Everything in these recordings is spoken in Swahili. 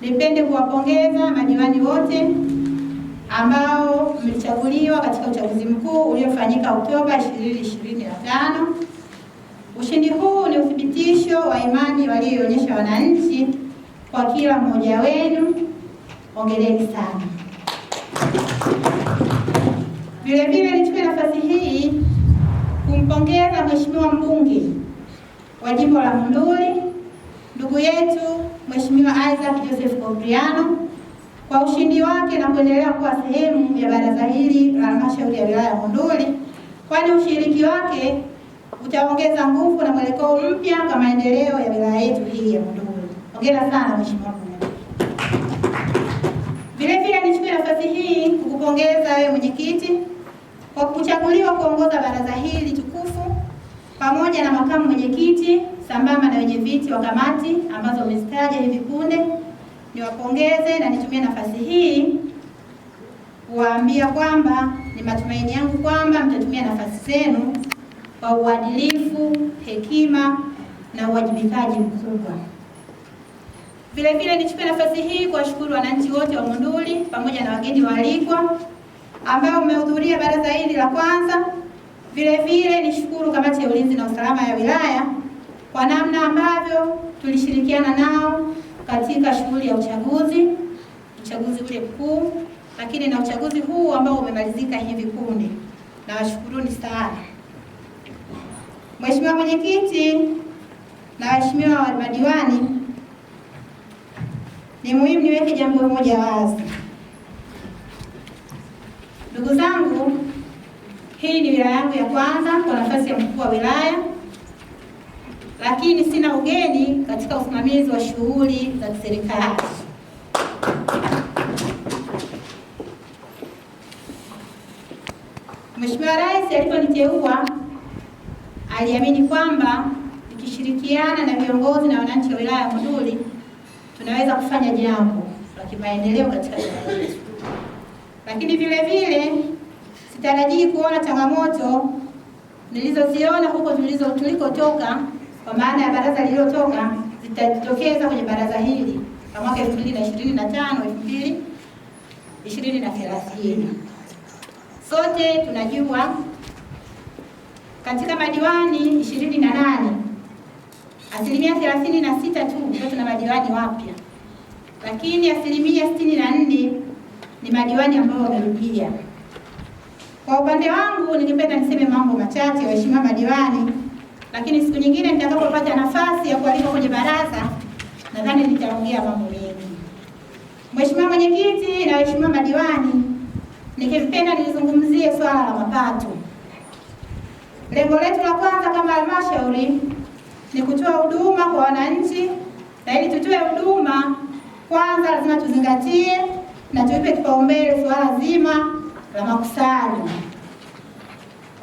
Nipende kuwapongeza madiwani wote ambao mlichaguliwa katika uchaguzi mkuu uliofanyika Oktoba 2025. Ushindi huu ni uthibitisho wa imani walioonyesha wananchi kwa kila mmoja wenu. Hongereni sana. Vile vile nichukue nafasi hii kumpongeza Mheshimiwa mbunge wa jimbo la Monduli ndugu yetu Mheshimiwa Isaac Joseph Kobriano kwa ushindi wake na kuendelea kuwa sehemu ya baraza hili la halmashauri ya wilaya ya Monduli, kwani ushiriki wake utaongeza nguvu na mwelekeo mpya kwa maendeleo ya wilaya yetu hii ya Monduli. Hongera sana Mheshimiwa. Vilevile nichukue nafasi hii kukupongeza wewe mwenyekiti kwa kuchaguliwa kuongoza baraza hili tukufu pamoja na makamu mwenyekiti sambamba na wenye viti wa kamati ambazo umezitaja hivi punde. Niwapongeze na nitumie nafasi hii kuwaambia kwamba ni matumaini yangu kwamba mtatumia nafasi zenu kwa uadilifu, hekima na uwajibikaji mkubwa. Vile vile nichukue nafasi hii kuwashukuru wananchi wote wa Monduli pamoja na wageni waalikwa ambao mmehudhuria baraza hili la kwanza. Vile vile nishukuru kamati ya ulinzi na usalama ya wilaya kwa namna ambavyo tulishirikiana nao katika shughuli ya uchaguzi, uchaguzi ule mkuu, lakini na uchaguzi huu ambao umemalizika hivi punde. Nawashukuruni sana Mheshimiwa Mwenyekiti na waheshimiwa madiwani. Ni muhimu niweke jambo moja wazi, ndugu zangu, hii ni wilaya yangu ya kwanza kwa nafasi ya mkuu wa wilaya lakini sina ugeni katika usimamizi wa shughuli za kiserikali. Mheshimiwa Rais aliponiteua aliamini kwamba nikishirikiana na viongozi na wananchi wa wilaya ya Monduli tunaweza kufanya jambo la kimaendeleo katika wilaya yetu, lakini vile vile sitarajii kuona changamoto nilizoziona huko tulizo tulikotoka kwa maana ya baraza lililotoka zitajitokeza kwenye baraza hili la mwaka 2025 2030. Sote tunajua katika madiwani 28 asilimia 36 tu ndio tuna madiwani wapya, lakini asilimia 64 ni madiwani ambao wamerudia. Kwa upande wangu, ningependa niseme mambo machache, waheshimiwa madiwani lakini siku nyingine nitakapopata nafasi ya kualika kwenye baraza, nadhani nitaongea mambo mengi. Mheshimiwa Mwenyekiti na waheshimiwa madiwani, nikipenda nizungumzie swala la mapato. Lengo letu la kwanza kama halmashauri ni kutoa huduma kwa wananchi, na ili tutoe huduma kwanza lazima tuzingatie na tuipe kipaumbele suala zima la makusanyo.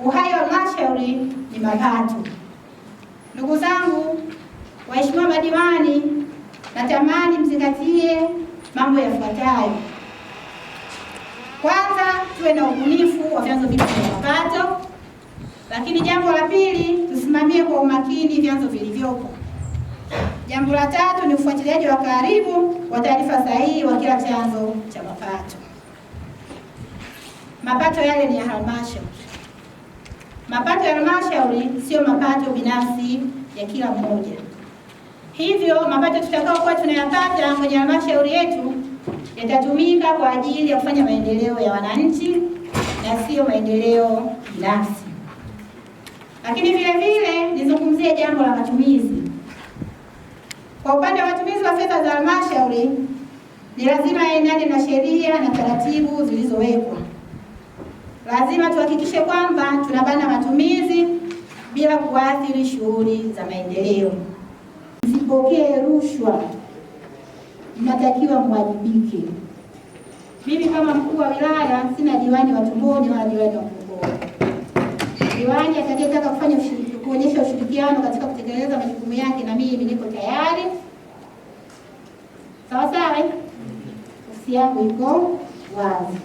Uhai wa halmashauri ni mapato. Ndugu zangu waheshimiwa madiwani, natamani mzingatie mambo yafuatayo. Kwanza, tuwe na ubunifu wa vyanzo vingi vya mapato, lakini jambo la pili, tusimamie kwa umakini vyanzo vilivyopo. Jambo la tatu ni ufuatiliaji wa karibu wa taarifa sahihi wa kila chanzo cha mapato. Mapato yale ni ya halmashauri Mapato ya halmashauri sio mapato binafsi ya kila mmoja, hivyo mapato tutakayokuwa tunayapata kwenye halmashauri yetu yatatumika kwa ajili ya kufanya maendeleo ya wananchi na sio maendeleo binafsi. Lakini vile vile nizungumzie jambo la matumizi. Kwa upande wa matumizi wa fedha za halmashauri, ni lazima yaendane na sheria na taratibu zilizowekwa lazima tuhakikishe kwamba tunabana matumizi bila kuathiri shughuli za maendeleo. Msipokee rushwa, mnatakiwa mwajibike. Mimi kama mkuu wa wilaya sina diwani wa tumboni wala diwani wa kukoa. Diwani atakayetaka kufanya kuonyesha ushirikiano katika kutekeleza majukumu yake, na mimi niko tayari. Sawa sawa, ofisi yangu iko wazi.